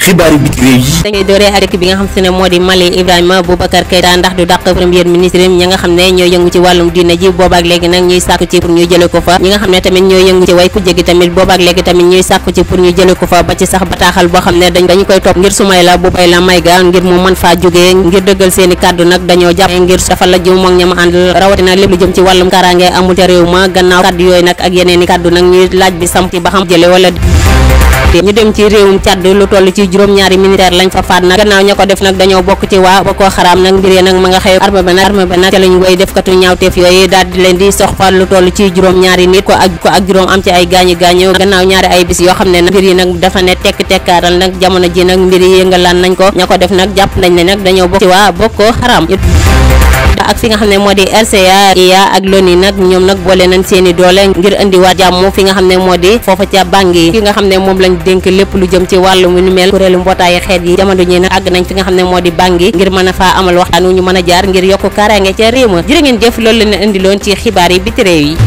xibaaru biti réew yi dañuy dooree ak bi nga xam se ne moo di Mali Ibrahima Boubacar Keïta ndax du dàq premier ministre ñi nga xam ne ñoo yëngu ci wàllum diine ji boobaak léegi nag ñuy sàkku ci pour ñu jële ko fa ñi nga xam ne tamit ñoo yëngu ci way ku jégi tamit boobaak léegi tamit ñuy sàkku ci pour ñu jële ko fa ba ci sax bataaxal boo xam ne dañ dañu koy topp ngir Soumaïla may Maïga ngir mu mën faa jógee ngir dëggal seeni kàddu nag dañoo jàpp ngir dafa la ju moog ñama ànd rawatina lépp lu jëm ci wàllum kaaraange amul ca réew ma gannaaw kàddu yooyu nag ak yeneeni kàddu nag ñuy laaj bi samp ci ba xam jële wala fàtte ñu dem ci réewum Càdd lu toll ci juróom-ñaari militaire lañ fa faat nag gannaaw ña ko def nag dañoo bokk ci waa bokkoo xaraam ak fi nga xam ne moo di RCA IA ak loni nag ñoom nag boole nañ seeni doole ngir indiwaat jàmm fi nga xam ne moom lañ dénk lépp lu jëm ci wàllu mu nu mel kuréelu mbootaayu xeet yi jamono ñi àgg nañ fi nga xam ne moo di bàngi ngir mën a faa amal waxtaan wu ñu mën a jaar ngir yokk kaaraange ca réew ma jërë ngeen jëf loolu la ñu indiloon ci xibaar yi biti réew yi